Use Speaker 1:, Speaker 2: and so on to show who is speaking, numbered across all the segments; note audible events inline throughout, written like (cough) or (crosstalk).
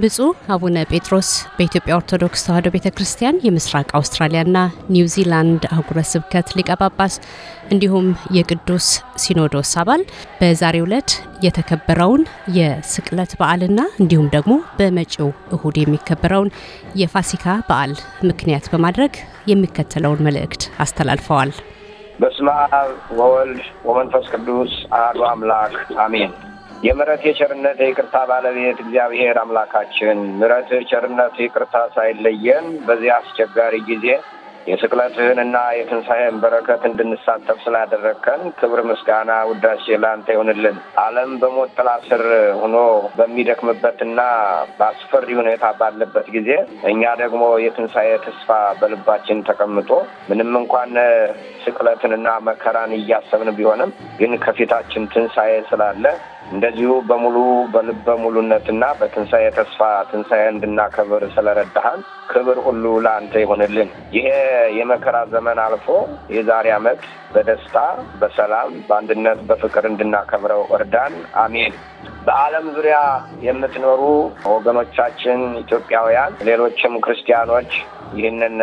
Speaker 1: ብፁዕ አቡነ ጴጥሮስ በኢትዮጵያ ኦርቶዶክስ ተዋሕዶ ቤተ ክርስቲያን የምስራቅ አውስትራሊያና ኒውዚላንድ አህጉረ ስብከት ሊቀ ጳጳስ እንዲሁም የቅዱስ ሲኖዶስ አባል በዛሬው ዕለት የተከበረውን የስቅለት በዓልና እንዲሁም ደግሞ በመጪው እሁድ የሚከበረውን የፋሲካ በዓል ምክንያት በማድረግ የሚከተለውን መልእክት አስተላልፈዋል።
Speaker 2: በስመ አብ ወወልድ ወመንፈስ ቅዱስ አሐዱ አምላክ አሜን። የምረት የቸርነት የይቅርታ ባለቤት እግዚአብሔር አምላካችን ምረት ቸርነት፣ ይቅርታ ሳይለየን በዚህ አስቸጋሪ ጊዜ የስቅለትህንና የትንሣኤን በረከት እንድንሳተፍ ስላደረግከን ክብር ምስጋና ውዳሴ ላንተ ይሆንልን። ዓለም በሞት ጥላ ስር ሆኖ በሚደክምበትና በአስፈሪ ሁኔታ ባለበት ጊዜ እኛ ደግሞ የትንሣኤ ተስፋ በልባችን ተቀምጦ ምንም እንኳን ስቅለትንና መከራን እያሰብን ቢሆንም ግን ከፊታችን ትንሣኤ ስላለ እንደዚሁ በሙሉ በልበ ሙሉነትና በትንሣኤ ተስፋ ትንሣኤ እንድናከብር ስለረዳህን ክብር ሁሉ ለአንተ ይሆንልን። ይሄ የመከራ ዘመን አልፎ የዛሬ ዓመት በደስታ በሰላም በአንድነት በፍቅር እንድናከብረው እርዳን። አሜን። በዓለም ዙሪያ የምትኖሩ ወገኖቻችን ኢትዮጵያውያን፣ ሌሎችም ክርስቲያኖች ይህንን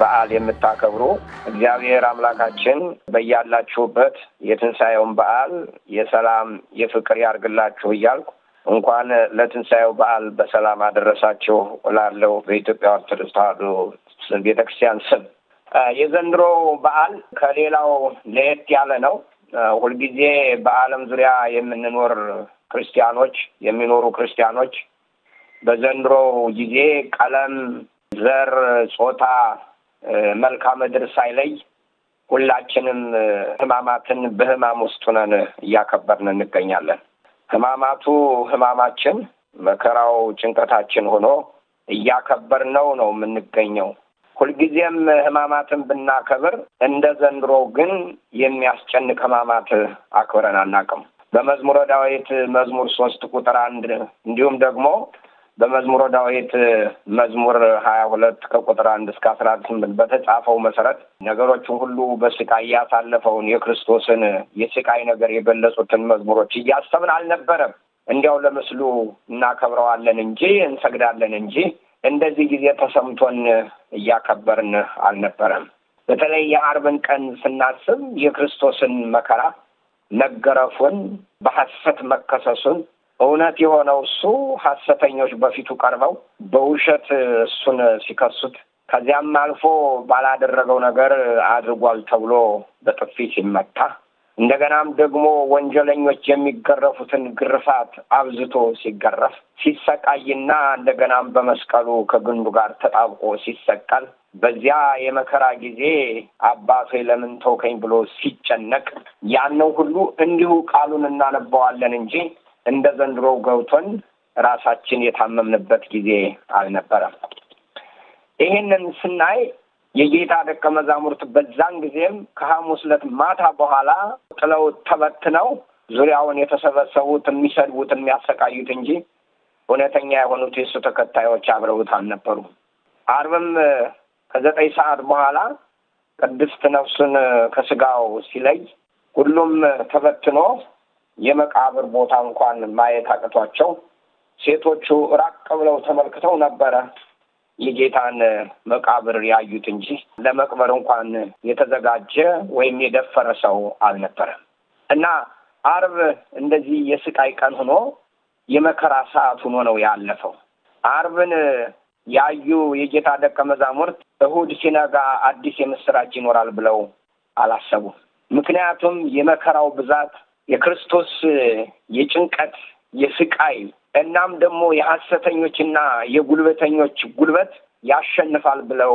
Speaker 2: በዓል የምታከብሩ እግዚአብሔር አምላካችን በያላችሁበት የትንሣኤውን በዓል የሰላም የፍቅር ያርግላችሁ እያልኩ እንኳን ለትንሣኤው በዓል በሰላም አደረሳችሁ እላለሁ በኢትዮጵያ ኦርቶዶክስ ተዋሕዶ ቤተክርስቲያን ስም። የዘንድሮ በዓል ከሌላው ለየት ያለ ነው። ሁልጊዜ በዓለም ዙሪያ የምንኖር ክርስቲያኖች የሚኖሩ ክርስቲያኖች በዘንድሮ ጊዜ ቀለም፣ ዘር፣ ጾታ፣ መልክዓ ምድር ሳይለይ ሁላችንም ሕማማትን በሕማም ውስጥ ሆነን እያከበርን እንገኛለን። ሕማማቱ ሕማማችን መከራው ጭንቀታችን ሆኖ እያከበርነው ነው የምንገኘው። ሁልጊዜም ህማማትን ብናከብር እንደ ዘንድሮ ግን የሚያስጨንቅ ህማማት አክብረን አናቅም። በመዝሙረ ዳዊት መዝሙር ሶስት ቁጥር አንድ እንዲሁም ደግሞ በመዝሙረ ዳዊት መዝሙር ሀያ ሁለት ከቁጥር አንድ እስከ አስራ ስምንት በተጻፈው መሰረት ነገሮችን ሁሉ በስቃይ ያሳለፈውን የክርስቶስን የስቃይ ነገር የገለጹትን መዝሙሮች እያሰብን አልነበረም። እንዲያው ለምስሉ እናከብረዋለን እንጂ እንሰግዳለን እንጂ እንደዚህ ጊዜ ተሰምቶን እያከበርን አልነበረም። በተለይ የአርብን ቀን ስናስብ የክርስቶስን መከራ፣ መገረፉን፣ በሐሰት መከሰሱን እውነት የሆነው እሱ ሐሰተኞች በፊቱ ቀርበው በውሸት እሱን ሲከሱት ከዚያም አልፎ ባላደረገው ነገር አድርጓል ተብሎ በጥፊ ሲመታ እንደገናም ደግሞ ወንጀለኞች የሚገረፉትን ግርፋት አብዝቶ ሲገረፍ ሲሰቃይና እንደገናም በመስቀሉ ከግንዱ ጋር ተጣብቆ ሲሰቀል በዚያ የመከራ ጊዜ አባቶ ለምን ተውከኝ ብሎ ሲጨነቅ ያነው ሁሉ እንዲሁ ቃሉን እናነባዋለን እንጂ እንደ ዘንድሮ ገብቶን ራሳችን የታመምንበት ጊዜ አልነበረም። ይህንን ስናይ የጌታ ደቀ መዛሙርት በዛን ጊዜም ከሐሙስ ዕለት ማታ በኋላ ጥለው ተበትነው ዙሪያውን የተሰበሰቡት የሚሰድቡት የሚያሰቃዩት እንጂ እውነተኛ የሆኑት የእሱ ተከታዮች አብረውት አልነበሩም። አርብም ከዘጠኝ ሰዓት በኋላ ቅድስት ነፍሱን ከስጋው ሲለይ ሁሉም ተበትኖ የመቃብር ቦታ እንኳን ማየት አቅቷቸው ሴቶቹ ራቅ ብለው ተመልክተው ነበረ። የጌታን መቃብር ያዩት እንጂ ለመቅበር እንኳን የተዘጋጀ ወይም የደፈረ ሰው አልነበረም። እና አርብ እንደዚህ የስቃይ ቀን ሆኖ የመከራ ሰዓት ሆኖ ነው ያለፈው። አርብን ያዩ የጌታ ደቀ መዛሙርት እሁድ ሲነጋ አዲስ የምስራች ይኖራል ብለው አላሰቡም። ምክንያቱም የመከራው ብዛት የክርስቶስ የጭንቀት የስቃይ እናም ደግሞ የሐሰተኞችና የጉልበተኞች ጉልበት ያሸንፋል ብለው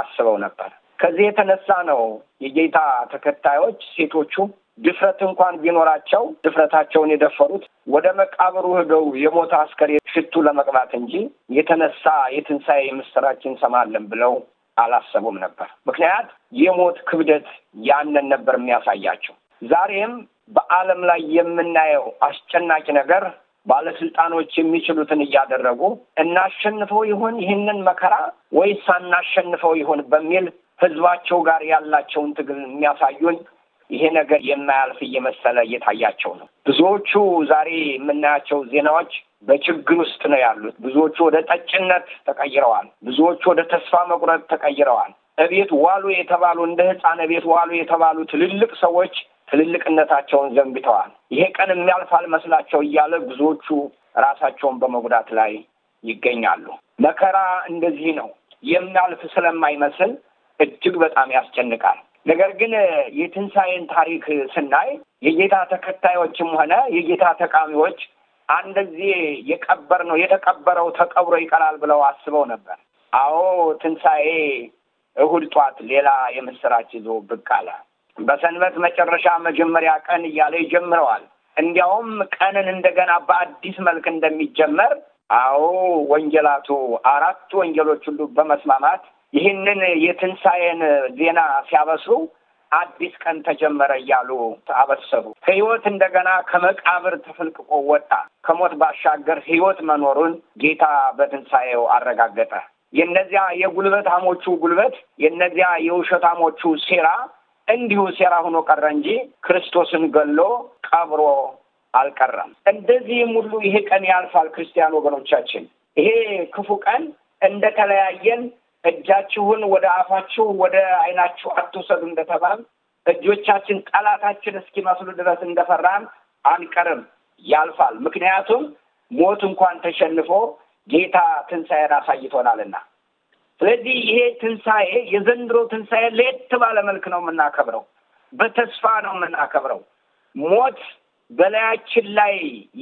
Speaker 2: አስበው ነበር። ከዚህ የተነሳ ነው የጌታ ተከታዮች ሴቶቹ ድፍረት እንኳን ቢኖራቸው ድፍረታቸውን የደፈሩት ወደ መቃብሩ ሄደው የሞተ አስከሬን ሽቱ ለመቅባት እንጂ የተነሳ የትንሣኤ ምስራችን እንሰማለን ብለው አላሰቡም ነበር። ምክንያት የሞት ክብደት ያንን ነበር የሚያሳያቸው። ዛሬም በዓለም ላይ የምናየው አስጨናቂ ነገር ባለስልጣኖች የሚችሉትን እያደረጉ እናሸንፈው ይሆን ይህንን መከራ ወይስ አናሸንፈው ይሆን በሚል ህዝባቸው ጋር ያላቸውን ትግል የሚያሳዩን ይሄ ነገር የማያልፍ እየመሰለ እየታያቸው ነው። ብዙዎቹ ዛሬ የምናያቸው ዜናዎች በችግር ውስጥ ነው ያሉት። ብዙዎቹ ወደ ጠጭነት ተቀይረዋል። ብዙዎቹ ወደ ተስፋ መቁረጥ ተቀይረዋል። እቤት ዋሉ የተባሉ እንደ ህፃን ቤት ዋሉ የተባሉ ትልልቅ ሰዎች ትልልቅነታቸውን ዘንግተዋል። ይሄ ቀን የሚያልፍ አልመስላቸው እያለ ብዙዎቹ ራሳቸውን በመጉዳት ላይ ይገኛሉ። መከራ እንደዚህ ነው፣ የሚያልፍ ስለማይመስል እጅግ በጣም ያስጨንቃል። ነገር ግን የትንሣኤን ታሪክ ስናይ የጌታ ተከታዮችም ሆነ የጌታ ተቃሚዎች አንደዚህ የቀበር ነው የተቀበረው ተቀብሮ ይቀራል ብለው አስበው ነበር። አዎ ትንሣኤ እሁድ ጧት ሌላ የምስራች ይዞ ብቅ አለ። በሰንበት መጨረሻ መጀመሪያ ቀን እያለ ይጀምረዋል። እንዲያውም ቀንን እንደገና በአዲስ መልክ እንደሚጀመር አዎ ወንጌላቱ አራቱ ወንጌሎች ሁሉ በመስማማት ይህንን የትንሣኤን ዜና ሲያበስሩ አዲስ ቀን ተጀመረ እያሉ አበሰሩ። ሕይወት እንደገና ከመቃብር ተፈልቅቆ ወጣ። ከሞት ባሻገር ሕይወት መኖሩን ጌታ በትንሣኤው አረጋገጠ። የእነዚያ የጉልበታሞቹ ጉልበት፣ የእነዚያ የውሸታሞቹ ሴራ እንዲሁ ሴራ ሆኖ ቀረ እንጂ ክርስቶስን ገሎ ቀብሮ አልቀረም። እንደዚህም ሁሉ ይሄ ቀን ያልፋል። ክርስቲያን ወገኖቻችን ይሄ ክፉ ቀን እንደተለያየን እጃችሁን ወደ አፋችሁ ወደ ዓይናችሁ አትውሰዱ እንደተባል እጆቻችን ጠላታችን እስኪመስሉ ድረስ እንደፈራን አንቀርም። ያልፋል። ምክንያቱም ሞት እንኳን ተሸንፎ ጌታ ትንሣኤን አሳይቶናልና ስለዚህ ይሄ ትንሣኤ የዘንድሮ ትንሣኤ ለየት ባለ መልክ ነው የምናከብረው። በተስፋ ነው የምናከብረው። ሞት በላያችን ላይ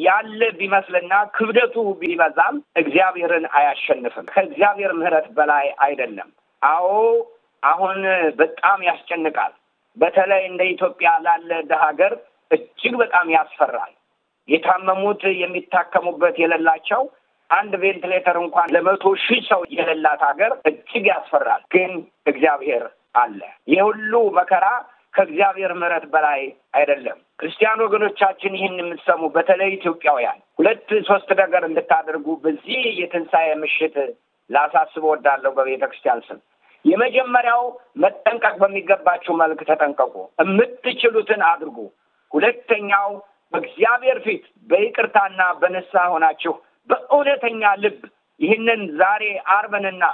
Speaker 2: ያለ ቢመስልና ክብደቱ ቢበዛም እግዚአብሔርን አያሸንፍም። ከእግዚአብሔር ምሕረት በላይ አይደለም። አዎ አሁን በጣም ያስጨንቃል። በተለይ እንደ ኢትዮጵያ ላለ ሀገር እጅግ በጣም ያስፈራል። የታመሙት የሚታከሙበት የሌላቸው አንድ ቬንትሌተር እንኳን ለመቶ ሺህ ሰው የሌላት ሀገር እጅግ ያስፈራል። ግን እግዚአብሔር አለ። የሁሉ መከራ ከእግዚአብሔር ምሕረት በላይ አይደለም። ክርስቲያን ወገኖቻችን ይህን የምትሰሙ በተለይ ኢትዮጵያውያን ሁለት ሶስት ነገር እንድታደርጉ በዚህ የትንሣኤ ምሽት ላሳስብ እወዳለሁ በቤተ ክርስቲያን ስም። የመጀመሪያው መጠንቀቅ በሚገባችሁ መልክ ተጠንቀቁ፣ የምትችሉትን አድርጉ። ሁለተኛው በእግዚአብሔር ፊት በይቅርታና በንስሐ ሆናችሁ በእውነተኛ ልብ ይህንን ዛሬ አርበንና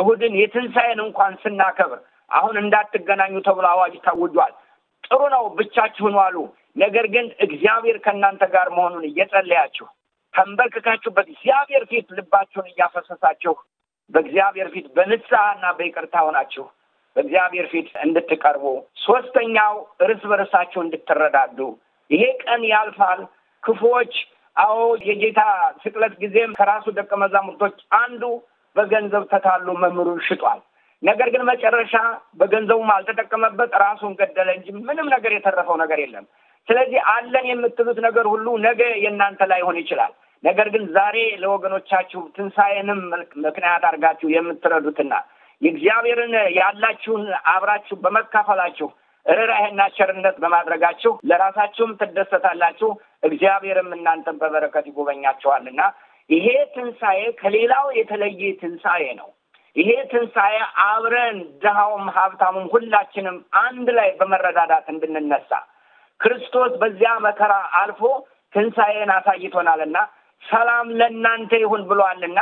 Speaker 2: እሁድን የትንሣኤን እንኳን ስናከብር አሁን እንዳትገናኙ ተብሎ አዋጅ ታውጇል። ጥሩ ነው፣ ብቻችሁን ዋሉ። ነገር ግን እግዚአብሔር ከእናንተ ጋር መሆኑን እየጸለያችሁ ተንበርክካችሁበት በእግዚአብሔር ፊት ልባችሁን እያፈሰሳችሁ በእግዚአብሔር ፊት በንስሐና በይቅርታ ሆናችሁ በእግዚአብሔር ፊት እንድትቀርቡ፣ ሶስተኛው እርስ በርሳችሁ እንድትረዳዱ። ይሄ ቀን ያልፋል፣ ክፉዎች አዎ የጌታ ስቅለት ጊዜም ከራሱ ደቀ መዛሙርቶች አንዱ በገንዘብ ተታሎ መምህሩን ሽጧል። ነገር ግን መጨረሻ በገንዘቡም አልተጠቀመበት፣ ራሱን ገደለ እንጂ ምንም ነገር የተረፈው ነገር የለም። ስለዚህ አለን የምትሉት ነገር ሁሉ ነገ የእናንተ ሆን ይችላል። ነገር ግን ዛሬ ለወገኖቻችሁ ትንሣኤንም ምክንያት አድርጋችሁ የምትረዱትና የእግዚአብሔርን ያላችሁን አብራችሁ በመካፈላችሁ ርኅራኄና ቸርነት በማድረጋችሁ ለራሳችሁም ትደሰታላችሁ፣ እግዚአብሔርም እናንተን በበረከት ይጎበኛችኋልና። ይሄ ትንሣኤ ከሌላው የተለየ ትንሣኤ ነው። ይሄ ትንሣኤ አብረን ድሃውም ሀብታሙም ሁላችንም አንድ ላይ በመረዳዳት እንድንነሳ ክርስቶስ በዚያ መከራ አልፎ ትንሣኤን አሳይቶናልና ሰላም ለእናንተ ይሁን ብሏልና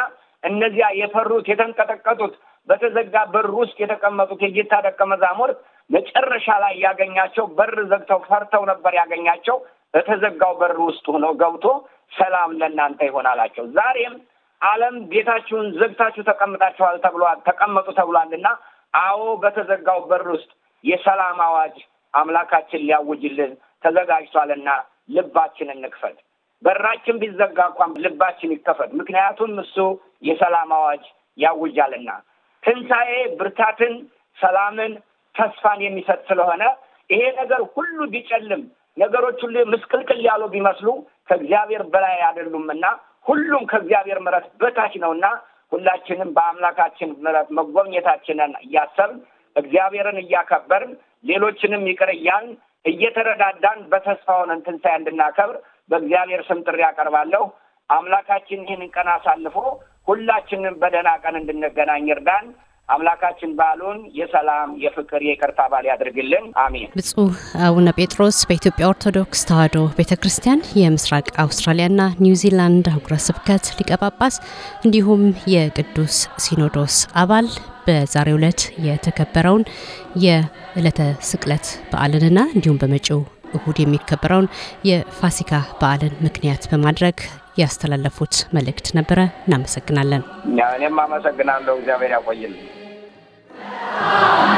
Speaker 2: እነዚያ የፈሩት የተንቀጠቀጡት በተዘጋ በር ውስጥ የተቀመጡት የጌታ ደቀ መዛሙርት መጨረሻ ላይ ያገኛቸው በር ዘግተው ፈርተው ነበር ያገኛቸው። በተዘጋው በር ውስጥ ሆነው ገብቶ ሰላም ለእናንተ ይሆን አላቸው። ዛሬም ዓለም ቤታችሁን ዘግታችሁ ተቀምጣችኋል ተብሏል፣ ተቀመጡ እና አዎ በተዘጋው በር ውስጥ የሰላም አዋጅ አምላካችን ሊያውጅልን ተዘጋጅቷልና ልባችን እንክፈት። በራችን ቢዘጋ እንኳን ልባችን ይከፈት፣ ምክንያቱም እሱ የሰላም አዋጅ ያውጃልና። ትንሣኤ ብርታትን፣ ሰላምን ተስፋን የሚሰጥ ስለሆነ ይሄ ነገር ሁሉ ቢጨልም ነገሮች ሁሉ ምስቅልቅል ያሉ ቢመስሉ ከእግዚአብሔር በላይ አይደሉም እና ሁሉም ከእግዚአብሔር ምረት በታች ነው እና ሁላችንም በአምላካችን ምረት መጎብኘታችንን እያሰብን እግዚአብሔርን እያከበርን ሌሎችንም ይቅር እያልን እየተረዳዳን በተስፋውን እንትንሳይ እንድናከብር በእግዚአብሔር ስም ጥሪ ያቀርባለሁ። አምላካችን ይህንን ቀን አሳልፎ ሁላችንም በደህና ቀን እንድንገናኝ እርዳን። አምላካችን በዓሉን የሰላም የፍቅር፣ የይቅርታ በዓል ያድርግልን። አሜን።
Speaker 1: ብፁዕ አቡነ ጴጥሮስ በኢትዮጵያ ኦርቶዶክስ ተዋሕዶ ቤተ ክርስቲያን የምስራቅ አውስትራሊያና ኒውዚላንድ አህጉረ ስብከት ሊቀ ጳጳስ እንዲሁም የቅዱስ ሲኖዶስ አባል በዛሬው ዕለት የተከበረውን የዕለተ ስቅለት በዓልንና እንዲሁም በመጪው እሁድ የሚከበረውን የፋሲካ በዓልን ምክንያት በማድረግ ያስተላለፉት መልእክት ነበረ። እናመሰግናለን።
Speaker 2: እኔም አመሰግናለሁ። እግዚአብሔር ያቆይልን። Amen. (laughs)